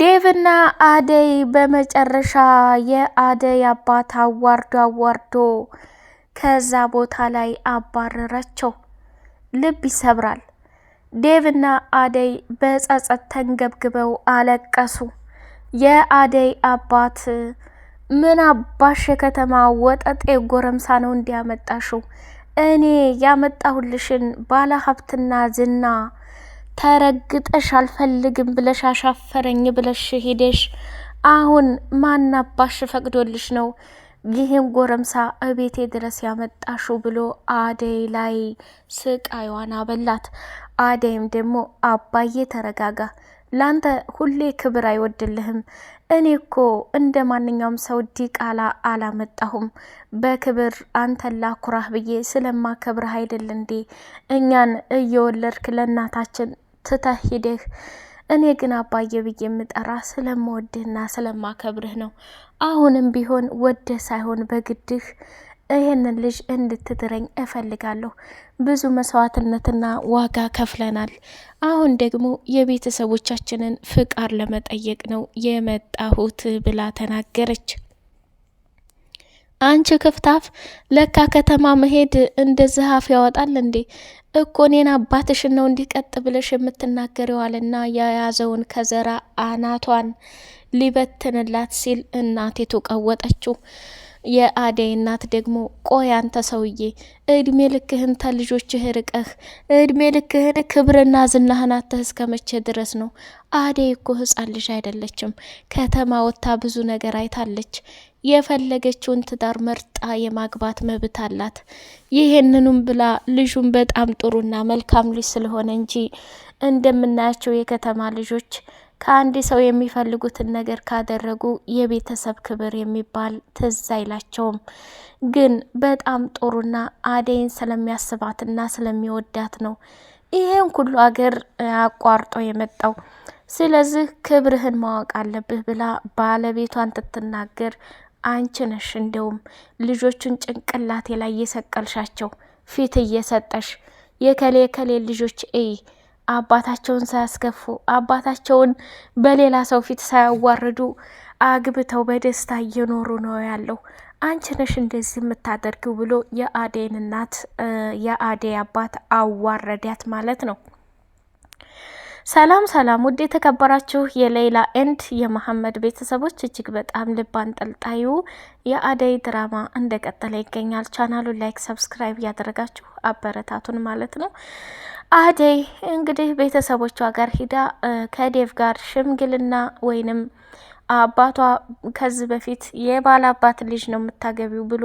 ዴቭና አደይ በመጨረሻ የአደይ አባት አዋርዶ አዋርዶ ከዛ ቦታ ላይ አባረረቸው። ልብ ይሰብራል። ዴቭና አደይ በጸጸት ተንገብግበው አለቀሱ። የአደይ አባት ምን አባሽ የከተማ ወጠጤ ጎረምሳ ነው እንዲያመጣሽው? እኔ ያመጣሁልሽን ባለ ሀብትና ዝና ተረግጠሽ አልፈልግም ብለሽ አሻፈረኝ ብለሽ ሄደሽ አሁን ማን አባሽ ፈቅዶልሽ ነው ይህን ጎረምሳ እቤቴ ድረስ ያመጣሹ ብሎ አደይ ላይ ስቃይዋን አበላት። አደይም ደግሞ አባዬ ተረጋጋ፣ ላንተ ሁሌ ክብር አይወድልህም። እኔ እኮ እንደ ማንኛውም ሰው ዲቃላ አላመጣሁም። በክብር አንተን ላኩራህ ብዬ ስለማከብርህ አይደል እንዴ እኛን እየወለድክ ለእናታችን ትተህ ሂደህ እኔ ግን አባዬ ብዬ የምጠራ ስለምወድህና ስለማከብርህ ነው። አሁንም ቢሆን ወደ ሳይሆን በግድህ ይህንን ልጅ እንድትድረኝ እፈልጋለሁ። ብዙ መስዋዕትነትና ዋጋ ከፍለናል። አሁን ደግሞ የቤተሰቦቻችንን ፍቃድ ለመጠየቅ ነው የመጣሁት ብላ ተናገረች። አንቺ ክፍታፍ ለካ ከተማ መሄድ እንደዚህ አፍ ያወጣል እንዴ? እኮ እኔን አባትሽን ነው እንዲህ ቀጥ ብለሽ የምትናገሪው አለና የያዘውን ከዘራ አናቷን ሊበትንላት ሲል እናቴቱ ቀወጠችው። የአደይ እናት ደግሞ ቆይ አንተ ሰውዬ እድሜ ልክህን ተልጆችህ ርቀህ እድሜ ልክህን ክብርና ዝናህን አተህ እስከ መቼ ድረስ ነው? አደይ እኮ ህፃን ልጅ አይደለችም። ከተማ ወጥታ ብዙ ነገር አይታለች። የፈለገችውን ትዳር መርጣ የማግባት መብት አላት። ይህንኑም ብላ ልጁም በጣም ጥሩና መልካም ልጅ ስለሆነ እንጂ እንደምናያቸው የከተማ ልጆች ከአንድ ሰው የሚፈልጉትን ነገር ካደረጉ የቤተሰብ ክብር የሚባል ትዝ አይላቸውም። ግን በጣም ጥሩና አደይን ስለሚያስባትና ስለሚወዳት ነው ይሄን ሁሉ አገር አቋርጦ የመጣው። ስለዚህ ክብርህን ማወቅ አለብህ ብላ ባለቤቷን ትትናገር፣ አንቺ ነሽ እንደውም ልጆቹን ጭንቅላቴ ላይ እየሰቀልሻቸው ፊት እየሰጠሽ የከሌ የከሌ ልጆች እይ አባታቸውን ሳያስከፉ አባታቸውን በሌላ ሰው ፊት ሳያዋርዱ አግብተው በደስታ እየኖሩ ነው ያለው። አንቺ ነሽ እንደዚህ የምታደርጊው ብሎ የአዴን እናት የአዴ አባት አዋረዳት ማለት ነው። ሰላም ሰላም! ውድ የተከበራችሁ የሌይላ ኤንድ የመሐመድ ቤተሰቦች እጅግ በጣም ልብ አንጠልጣዩ የአደይ ድራማ እንደቀጠለ ይገኛል። ቻናሉን ላይክ፣ ሰብስክራይብ እያደረጋችሁ አበረታቱን ማለት ነው። አደይ እንግዲህ ቤተሰቦቿ ጋር ሂዳ ከዴቭ ጋር ሽምግልና ወይንም አባቷ ከዚህ በፊት የባላባት ልጅ ነው የምታገቢው ብሎ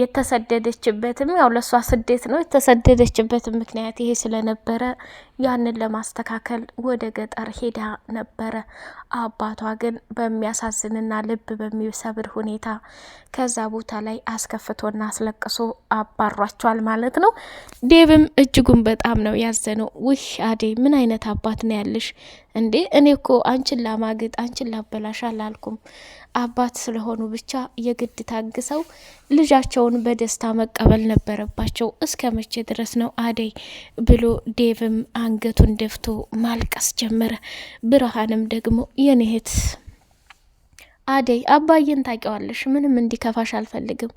የተሰደደችበትም ያው ለእሷ ስደት ነው የተሰደደችበትም ምክንያት ይሄ ስለነበረ ያንን ለማስተካከል ወደ ገጠር ሄዳ ነበረ። አባቷ ግን በሚያሳዝንና ልብ በሚሰብር ሁኔታ ከዛ ቦታ ላይ አስከፍቶና አስለቅሶ አባሯቸዋል ማለት ነው። ዴብም እጅጉን በጣም ነው ያዘነው። ውህ አዴ ምን አይነት አባት ነው ያለሽ እንዴ? እኔ እኮ አንቺን ላማግጥ አንቺን ላበላሽ አላልኩም አባት ስለሆኑ ብቻ የግድ ታግሰው ልጃቸውን በደስታ መቀበል ነበረባቸው። እስከ መቼ ድረስ ነው አደይ ብሎ ዴቭም አንገቱን ደፍቶ ማልቀስ ጀመረ። ብርሃንም ደግሞ የኔህት አደይ አባዬን ታውቂዋለሽ፣ ምንም እንዲከፋሽ አልፈልግም።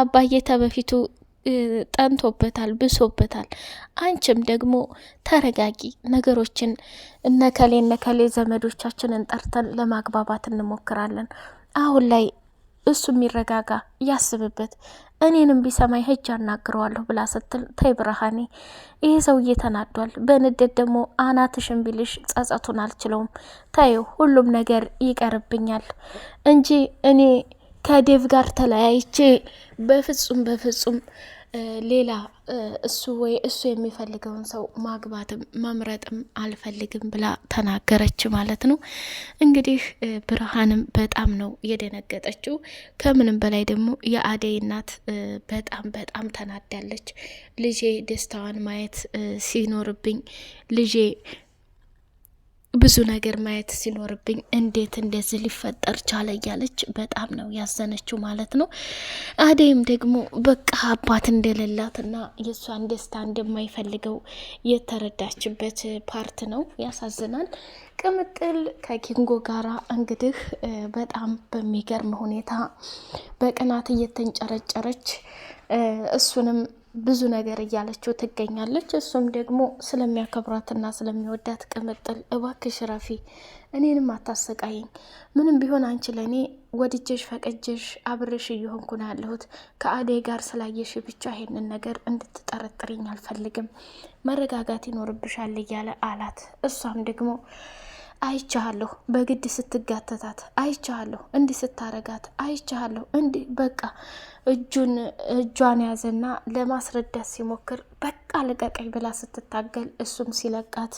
አባዬ ተበፊቱ ጠንቶበታል፣ ብሶበታል። አንቺም ደግሞ ተረጋጊ። ነገሮችን እነከሌ እነከሌ ዘመዶቻችንን ጠርተን ለማግባባት እንሞክራለን። አሁን ላይ እሱ የሚረጋጋ ያስብበት፣ እኔንም ቢሰማኝ ሄጅ አናግረዋለሁ ብላ ስትል፣ ተይ ብርሃኔ፣ ይህ ሰውዬ ተናዷል። በንዴት ደግሞ አናትሽን ቢልሽ ጸጸቱን አልችለውም። ተይው፣ ሁሉም ነገር ይቀርብኛል እንጂ እኔ ከዴቭ ጋር ተለያይቼ በፍጹም በፍጹም ሌላ እሱ ወይ እሱ የሚፈልገውን ሰው ማግባትም መምረጥም አልፈልግም ብላ ተናገረች ማለት ነው። እንግዲህ ብርሃንም በጣም ነው የደነገጠችው። ከምንም በላይ ደግሞ የአደይ እናት በጣም በጣም ተናዳለች። ልጄ ደስታዋን ማየት ሲኖርብኝ ልጄ ብዙ ነገር ማየት ሲኖርብኝ እንዴት እንደዚህ ሊፈጠር ቻለ እያለች በጣም ነው ያዘነችው ማለት ነው። አደይም ደግሞ በቃ አባት እንደሌላትና የእሷን ደስታ እንደማይፈልገው የተረዳችበት ፓርት ነው። ያሳዝናል። ቅምጥል ከኪንጎ ጋራ እንግዲህ በጣም በሚገርም ሁኔታ በቅናት እየተንጨረጨረች እሱንም ብዙ ነገር እያለችው ትገኛለች። እሱም ደግሞ ስለሚያከብራትና ስለሚወዳት ቅምጥል እባክሽ ረፊ እኔንም አታሰቃይኝ፣ ምንም ቢሆን አንቺ ለእኔ ወድጀሽ ፈቀጀሽ አብሬሽ እየሆንኩ ነው ያለሁት። ከአዴ ጋር ስላየሽ ብቻ ይሄንን ነገር እንድትጠረጥርኝ አልፈልግም፣ መረጋጋት ይኖርብሻል እያለ አላት። እሷም ደግሞ አይቻለሁ በግድ ስትጋተታት አይቻለሁ እንዲህ ስታረጋት አይቻለሁ እንዲህ በቃ እጁን እጇን ያዘና ለማስረዳት ሲሞክር በቃ ልቀቀኝ ብላ ስትታገል እሱም ሲለቃት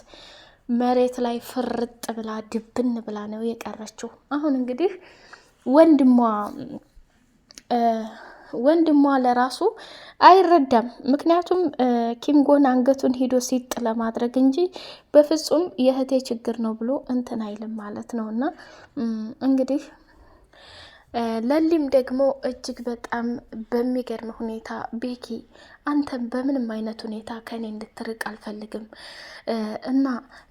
መሬት ላይ ፍርጥ ብላ ድብን ብላ ነው የቀረችው። አሁን እንግዲህ ወንድሟ ወንድሟ ለራሱ አይረዳም። ምክንያቱም ኪንጎን አንገቱን ሂዶ ሲጥ ለማድረግ እንጂ በፍጹም የእህቴ ችግር ነው ብሎ እንትን አይልም ማለት ነው እና እንግዲህ ለሊም ደግሞ እጅግ በጣም በሚገርም ሁኔታ ቤኪ አንተም በምንም አይነት ሁኔታ ከኔ እንድትርቅ አልፈልግም እና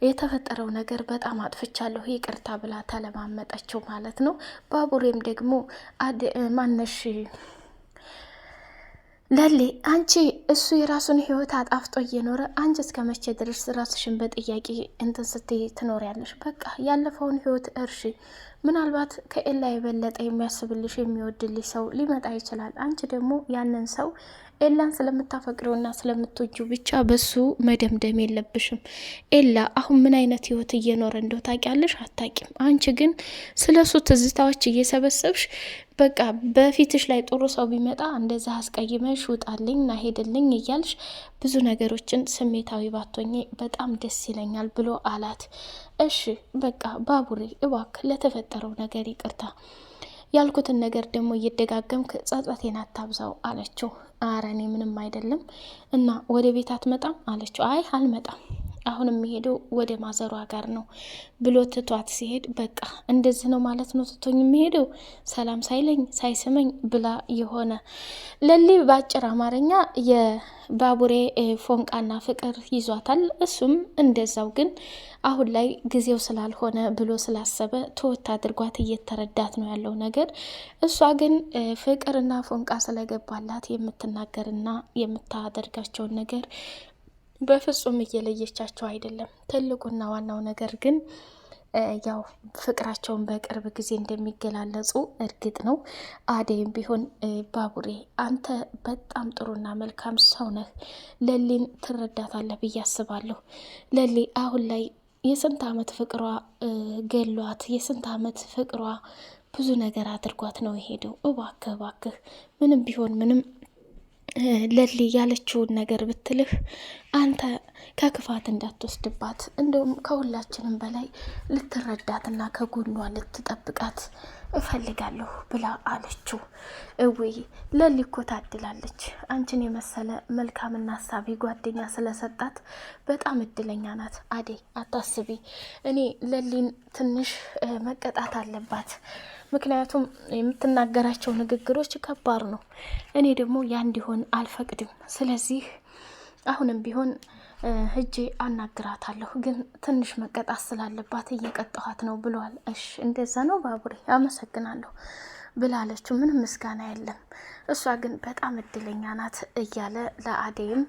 የተፈጠረው ነገር በጣም አጥፍቻለሁ ይቅርታ ብላ ተለማመጠችው ማለት ነው። ባቡሬም ደግሞ ማነሽ ለሌ አንቺ እሱ የራሱን ህይወት አጣፍጦ እየኖረ አንቺ እስከ መቼ ድረስ ራስሽን በጥያቄ እንትን ስትይ ትኖሪያለሽ? በቃ ያለፈውን ህይወት እርሺ። ምናልባት ከኤላ የበለጠ የሚያስብልሽ የሚወድልሽ ሰው ሊመጣ ይችላል። አንቺ ደግሞ ያንን ሰው ኤላን ስለምታፈቅረውና ስለምትወጁ ብቻ በሱ መደምደም የለብሽም። ኤላ አሁን ምን አይነት ህይወት እየኖረ እንደው ታውቂያለሽ? አታቂም። አንቺ ግን ስለ እሱ ትዝታዎች እየሰበሰብሽ በቃ በፊትሽ ላይ ጥሩ ሰው ቢመጣ እንደዛ አስቀይመሽ ውጣልኝ ና ሄድልኝ እያልሽ ብዙ ነገሮችን ስሜታዊ ባቶኜ በጣም ደስ ይለኛል ብሎ አላት። እሺ በቃ ባቡሬ እባክ ለተፈጠረው ነገር ይቅርታ ያልኩትን ነገር ደግሞ እየደጋገምክ ጸጸቴን አታብዛው አለችው። አረ እኔ ምንም አይደለም እና ወደ ቤት አትመጣም አለችው። አይ አልመጣም አሁን የሚሄደው ወደ ማዘሯ ጋር ነው ብሎ ትቷት ሲሄድ በቃ እንደዚህ ነው ማለት ነው ትቶኝ የሚሄደው ሰላም ሳይለኝ ሳይስመኝ ብላ የሆነ ለሊ በአጭር አማርኛ የባቡሬ ፎንቃና ፍቅር ይዟታል። እሱም እንደዛው ግን አሁን ላይ ጊዜው ስላልሆነ ብሎ ስላሰበ ተወት አድርጓት እየተረዳት ነው ያለው ነገር። እሷ ግን ፍቅርና ፎንቃ ስለገባላት የምትናገርና የምታደርጋቸውን ነገር በፍጹም እየለየቻቸው አይደለም። ትልቁና ዋናው ነገር ግን ያው ፍቅራቸውን በቅርብ ጊዜ እንደሚገላለጹ እርግጥ ነው። አደይም ቢሆን ባቡሬ አንተ በጣም ጥሩና መልካም ሰው ነህ፣ ለሊን ትረዳታለህ ብዬ አስባለሁ። ለሊ አሁን ላይ የስንት አመት ፍቅሯ ገሏት፣ የስንት አመት ፍቅሯ ብዙ ነገር አድርጓት ነው የሄደው። እባክህ እባክህ ምንም ቢሆን ምንም ለሊ ያለችውን ነገር ብትልህ አንተ ከክፋት እንዳትወስድባት እንደውም ከሁላችንም በላይ ልትረዳትና ከጎኗ ልትጠብቃት እፈልጋለሁ ብላ አለችው። እውይ ለሊ እኮ ታድላለች። አንቺን የመሰለ መልካምና ሀሳቢ ጓደኛ ስለሰጣት በጣም እድለኛ ናት። አዴ አታስቢ፣ እኔ ለሊን ትንሽ መቀጣት አለባት ምክንያቱም የምትናገራቸው ንግግሮች ከባድ ነው። እኔ ደግሞ ያ እንዲሆን አልፈቅድም። ስለዚህ አሁንም ቢሆን ህጄ አናግራታለሁ፣ ግን ትንሽ መቀጣት ስላለባት እየቀጠኋት ነው ብለዋል። እሺ እንደዛ ነው ባቡሬ፣ አመሰግናለሁ። ብላለችው። ምንም ምስጋና የለም። እሷ ግን በጣም እድለኛ ናት እያለ ለአደይም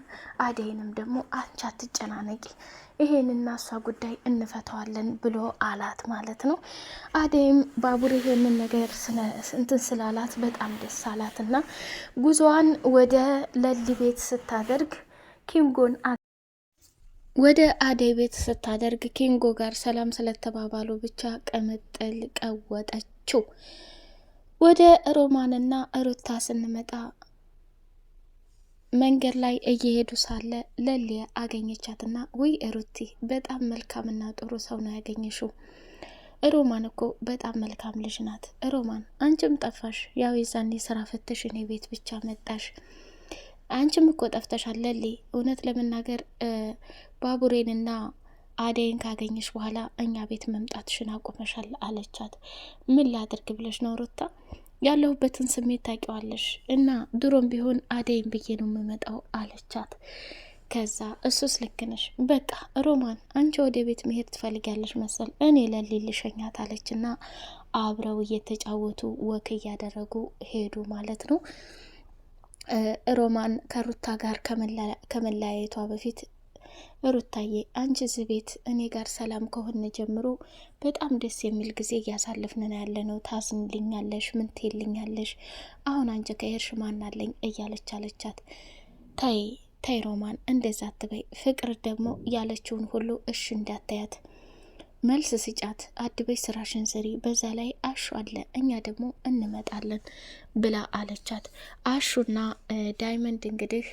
አደይንም ደግሞ አንቺ አትጨናነቂ፣ ይሄንና እሷ ጉዳይ እንፈተዋለን ብሎ አላት ማለት ነው። አደይም ባቡር ይሄንን ነገር እንትን ስላላት በጣም ደስ አላት እና ጉዞዋን ወደ ለሊ ቤት ስታደርግ ኪንጎን ወደ አደይ ቤት ስታደርግ ኪንጎ ጋር ሰላም ስለተባባሉ ብቻ ቅምጥል ቀወጠችው። ወደ ሮማንና ሩታ ስንመጣ መንገድ ላይ እየሄዱ ሳለ ለሌ አገኘቻትና፣ ውይ ሩቲ በጣም መልካምና ጥሩ ሰው ነው ያገኘሽው። ሮማን እኮ በጣም መልካም ልጅ ናት። ሮማን አንቺም ጠፋሽ፣ ያው የዛኔ ስራ ፈተሽ እኔ ቤት ብቻ መጣሽ። አንቺም እኮ ጠፍተሻል ለሌ። እውነት ለመናገር ባቡሬንና አደይን ካገኘሽ በኋላ እኛ ቤት መምጣትሽን አቁመሻል አለቻት። ምን ላድርግ ብለሽ ነው ሩታ? ያለሁበትን ስሜት ታውቂዋለሽ እና ድሮም ቢሆን አደይን ብዬ ነው የምመጣው አለቻት። ከዛ እሱስ ልክ ነሽ፣ በቃ ሮማን አንቺ ወደ ቤት መሄድ ትፈልጊያለሽ መሰል እኔ ለሊ ልሸኛት አለችና አብረው እየተጫወቱ ወክ እያደረጉ ሄዱ ማለት ነው። ሮማን ከሩታ ጋር ከመለያየቷ በፊት ሩታዬ አንቺ እዚህ ቤት እኔ ጋር ሰላም ከሆነ ጀምሮ በጣም ደስ የሚል ጊዜ እያሳለፍን ያለ ነው። ታዝንልኛለሽ፣ ምን አሁን አንቺ ከሄድሽ ማናለኝ እያለች አለቻት። ታይ ታይ፣ ሮማን እንደዛ አትበይ። ፍቅር ደግሞ ያለችውን ሁሉ እሽ እንዳታያት መልስ ስጫት አድበሽ ስራሽን ስሪ፣ በዛ ላይ አሹ አለ እኛ ደግሞ እንመጣለን ብላ አለቻት። አሹና ዳይመንድ እንግዲህ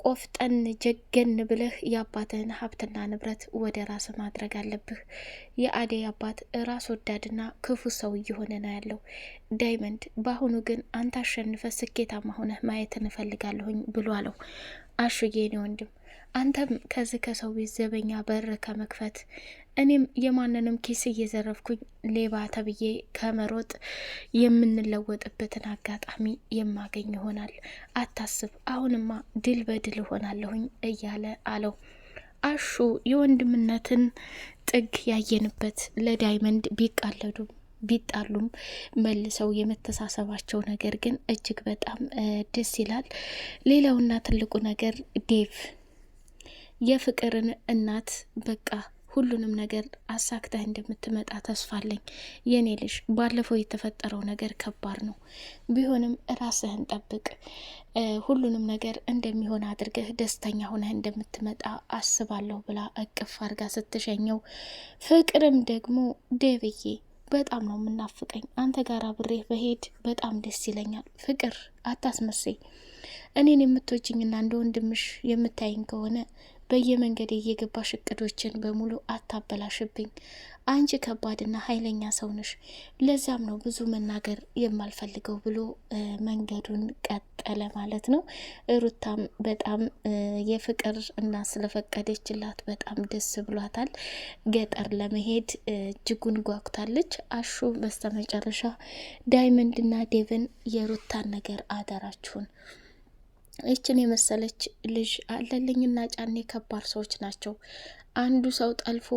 ቆፍጠን ጀገን ብለህ የአባትህን ሀብትና ንብረት ወደ ራስ ማድረግ አለብህ። የአደይ አባት ራስ ወዳድና ክፉ ሰው እየሆነ ነው ያለው። ዳይመንድ በአሁኑ ግን አንተ አሸንፈ ስኬታማ ሆነህ ማየት እንፈልጋለሁኝ ብሎ አለው። አሹዬ ወንድም አንተም ከዚህ ከሰው ቤት ዘበኛ በር ከመክፈት እኔም የማንንም ኪስ እየዘረፍኩኝ ሌባ ተብዬ ከመሮጥ የምንለወጥበትን አጋጣሚ የማገኝ ይሆናል። አታስብ፣ አሁንማ ድል በድል እሆናለሁኝ እያለ አለው። አሹ የወንድምነትን ጥግ ያየንበት ለዳይመንድ ቢቃለዱም ቢጣሉም መልሰው የመተሳሰባቸው ነገር ግን እጅግ በጣም ደስ ይላል። ሌላውና ትልቁ ነገር ዴቭ የፍቅርን እናት በቃ ሁሉንም ነገር አሳክተህ እንደምትመጣ ተስፋ አለኝ የኔ ልጅ። ባለፈው የተፈጠረው ነገር ከባድ ነው፣ ቢሆንም ራስህን ጠብቅ። ሁሉንም ነገር እንደሚሆን አድርገህ ደስተኛ ሆነህ እንደምትመጣ አስባለሁ ብላ እቅፍ አርጋ ስትሸኘው፣ ፍቅርም ደግሞ ደብዬ በጣም ነው የምናፍቀኝ። አንተ ጋር አብሬ በሄድ በጣም ደስ ይለኛል። ፍቅር አታስመሴ እኔን የምትወጅኝና እንደ ወንድምሽ የምታይኝ ከሆነ በየመንገድ እየገባሽ እቅዶችን በሙሉ አታበላሽብኝ። አንቺ ከባድና ኃይለኛ ሰው ነሽ፣ ለዛም ነው ብዙ መናገር የማልፈልገው ብሎ መንገዱን ቀጠለ ማለት ነው። ሩታም በጣም የፍቅር እና ስለፈቀደችላት በጣም ደስ ብሏታል። ገጠር ለመሄድ እጅጉን ጓጉታለች። አሹ በስተመጨረሻ ዳይመንድና ዴቨን የሩታን ነገር አደራችሁን ይችን የመሰለች ልጅ አለልኝና ጫኔ ከባድ ሰዎች ናቸው። አንዱ ሰው ጠልፎ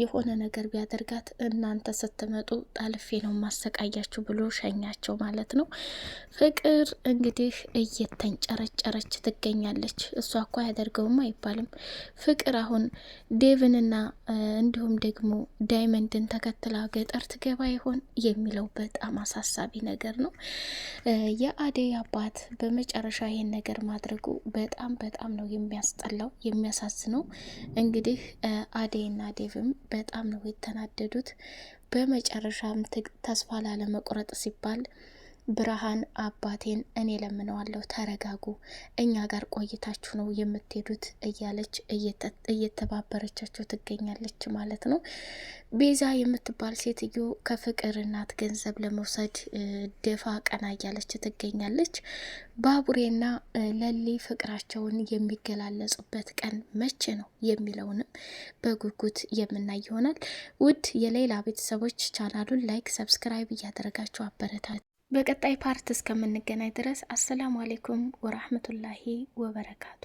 የሆነ ነገር ቢያደርጋት እናንተ ስትመጡ ጠልፌ ነው ማሰቃያችሁ ብሎ ሸኛቸው ማለት ነው። ፍቅር እንግዲህ እየተንጨረጨረች ትገኛለች። እሷ አኳ ያደርገውም አይባልም። ፍቅር አሁን ዴቭንና እንዲሁም ደግሞ ዳይመንድን ተከትላ ገጠር ትገባ ይሆን የሚለው በጣም አሳሳቢ ነገር ነው። የአደይ አባት በመጨረሻ ይህን ነገር ማድረጉ በጣም በጣም ነው የሚያስጠላው የሚያሳዝነው እንግዲህ አዴይና ዴቭም በጣም ነው የተናደዱት። በመጨረሻም ተስፋ ላለመቁረጥ ሲባል ብርሃን አባቴን እኔ ለምነዋለሁ፣ ተረጋጉ፣ እኛ ጋር ቆይታችሁ ነው የምትሄዱት እያለች እየተባበረቻቸው ትገኛለች ማለት ነው። ቤዛ የምትባል ሴትዮ ከፍቅር እናት ገንዘብ ለመውሰድ ደፋ ቀና እያለች ትገኛለች። ባቡሬና ለሊ ፍቅራቸውን የሚገላለጹበት ቀን መቼ ነው የሚለውንም በጉጉት የምናይ ይሆናል። ውድ የሌላ ቤተሰቦች ቻናሉን ላይክ፣ ሰብስክራይብ እያደረጋችሁ አበረታል በቀጣይ ፓርት እስከምንገናኝ ድረስ አሰላሙ አሌይኩም ወራህመቱላሂ ወበረካቱ።